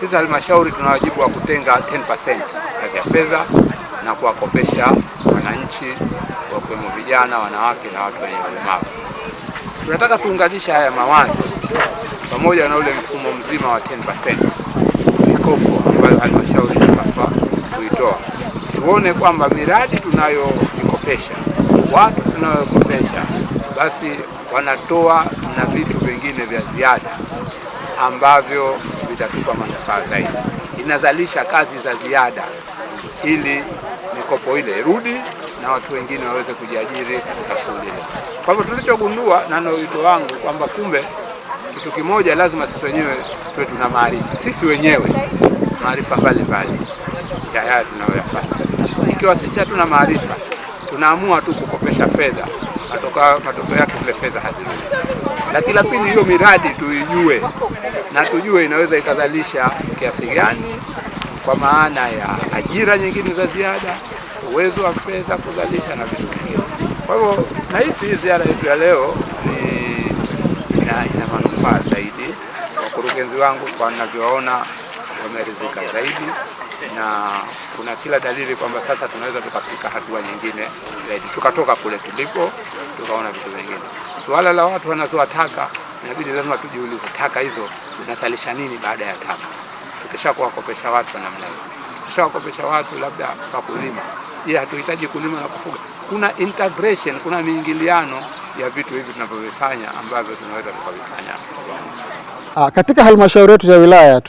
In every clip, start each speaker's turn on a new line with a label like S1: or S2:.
S1: Sisi halmashauri tuna wajibu wa kutenga 10% ya fedha na kuwakopesha wananchi wakiwemo vijana, wanawake na watu wenye ulemavu. Tunataka tuunganishe haya mawazo pamoja na ule mfumo mzima wa 10% mikopo ambayo halmashauri inapaswa kuitoa, tuone kwamba miradi tunayoikopesha, watu tunayokopesha, basi wanatoa na vitu vingine vya ziada ambavyo itatupa manufaa zaidi, inazalisha kazi za ziada ili mikopo ile irudi na watu wengine waweze kujiajiri katika shughuli ile. Kwa hivyo tulichogundua, na ndio wito wangu kwamba kumbe kitu kimoja lazima sisi wenyewe tuwe tuna maarifa sisi wenyewe, maarifa mbalimbali ya haya tunayoyafanya. Ikiwa sisi hatuna maarifa, tunaamua tu kukopesha fedha matokeo yake zile fedha hazirudi. Lakini la pili, hiyo miradi tuijue na tujue inaweza ikazalisha kiasi gani, kwa maana ya ajira nyingine za ziada, uwezo wa fedha kuzalisha na vitu vingine. Kwa hivyo nahisi hii ziara yetu ya leo ni ina, ina manufaa zaidi. Wakurugenzi wangu kwa ninavyoona wameridhika zaidi na kuna kila dalili kwamba sasa tunaweza tukafika hatua nyingine zaidi, tukatoka kule tuliko, tukaona vitu vingine. Suala la watu wanazowataka, inabidi lazima tujiulize, taka hizo zinazalisha nini baada ya taka? Tukisha kuwakopesha watu namna hiyo, tukisha kuwakopesha watu labda kwa kulima, je, hatuhitaji kulima na kufuga? Kuna integration, kuna miingiliano ya vitu hivi tunavyovifanya ambavyo tunaweza tukavifanya
S2: Aa, ah, katika halmashauri yetu ya wilaya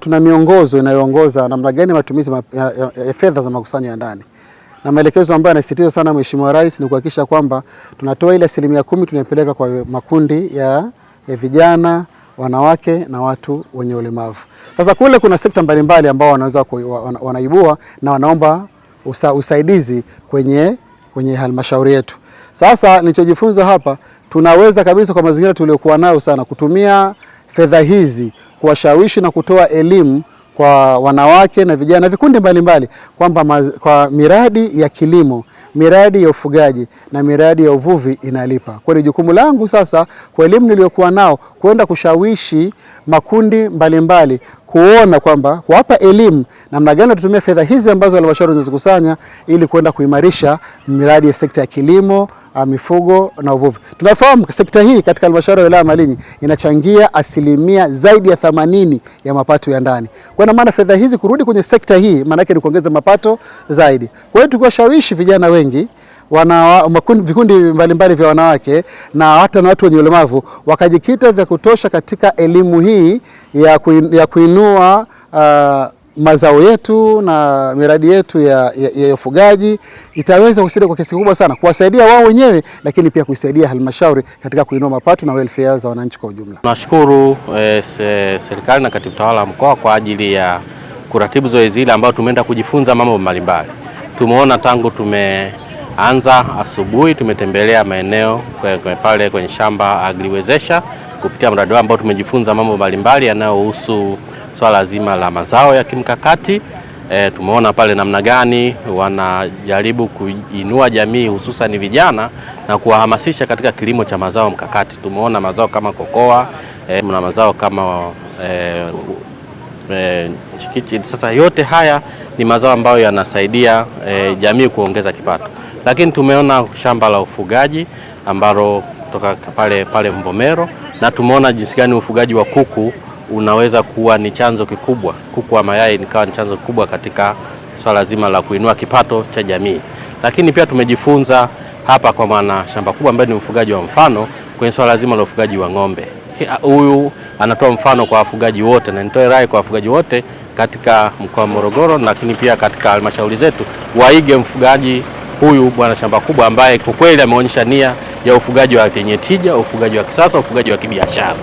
S2: tuna miongozo inayoongoza namna gani matumizi ma, ya, ya, ya fedha za makusanyo ya ndani na maelekezo ambayo anasisitiza sana Mheshimiwa Rais ni kuhakikisha kwamba tunatoa ile asilimia kumi tunapeleka kwa makundi ya, ya vijana, wanawake na watu wenye ulemavu. Sasa kule kuna sekta mbalimbali ambao wanaweza wanaibua na wanaomba usa, usaidizi kwenye, kwenye halmashauri yetu. Sasa nilichojifunza hapa tunaweza kabisa kwa mazingira tuliyokuwa nayo sana kutumia fedha hizi kuwashawishi na kutoa elimu kwa wanawake na vijana na vikundi mbalimbali kwamba kwa miradi ya kilimo, miradi ya ufugaji na miradi ya uvuvi inalipa. Kwa hiyo jukumu langu sasa, kwa elimu niliyokuwa nao, kwenda kushawishi makundi mbalimbali mbali kuona kwamba kuwapa elimu namna gani watatumia fedha hizi ambazo halmashauri zinazikusanya ili kwenda kuimarisha miradi ya sekta ya kilimo, ah, mifugo na uvuvi. Tunafahamu sekta hii katika halmashauri ya wilaya Malinyi inachangia asilimia zaidi ya thamanini ya mapato ya ndani. Kwa na maana fedha hizi kurudi kwenye sekta hii maana ni kuongeza mapato zaidi. Kwa hiyo tukiwashawishi vijana wengi wana, makundi, vikundi mbalimbali mbali vya wanawake na hata na watu wenye ulemavu wakajikita vya kutosha katika elimu hii ya, kuin, ya kuinua uh, mazao yetu na miradi yetu ya, ya, ya ufugaji itaweza kusaidia kwa kiasi kikubwa sana kuwasaidia wao wenyewe, lakini pia kuisaidia halmashauri katika kuinua mapato na welfare za wananchi kwa ujumla.
S3: Tunashukuru eh, serikali na katibu tawala wa mkoa kwa ajili ya kuratibu zoezi hili ambayo tumeenda kujifunza mambo mbalimbali. Tumeona tangu tume anza asubuhi. Tumetembelea maeneo pale kwenye shamba Agriwezesha kupitia mradi wao ambao tumejifunza mambo mbalimbali yanayohusu swala zima la mazao ya kimkakati. E, tumeona pale namna gani wanajaribu kuinua jamii hususan vijana na kuwahamasisha katika kilimo cha mazao mkakati. Tumeona mazao kama kokoa e, na mazao kama e, e, chikichi. Sasa yote haya ni mazao ambayo yanasaidia e, jamii kuongeza kipato. Lakini tumeona shamba la ufugaji ambalo kutoka pale pale Mvomero na tumeona jinsi gani ufugaji wa kuku unaweza kuwa ni chanzo kikubwa, kuku wa mayai nikawa ni chanzo kikubwa katika swala zima la kuinua kipato cha jamii. Lakini pia tumejifunza hapa kwa maana shamba kubwa ambaye ni mfugaji wa mfano kwenye swala zima la ufugaji wa ng'ombe. Huyu anatoa mfano kwa wafugaji wote, na nitoe rai kwa wafugaji wote katika mkoa wa Morogoro, lakini pia katika halmashauri zetu waige mfugaji huyu bwana shamba kubwa ambaye kwa kweli ameonyesha nia ya ufugaji wa tenye tija, ufugaji wa kisasa, ufugaji wa kibiashara.